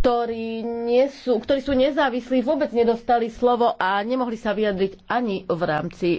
ktorí, nie sú, ktorí sú nezávislí, vôbec nedostali slovo a nemohli sa vyjadriť ani v rámci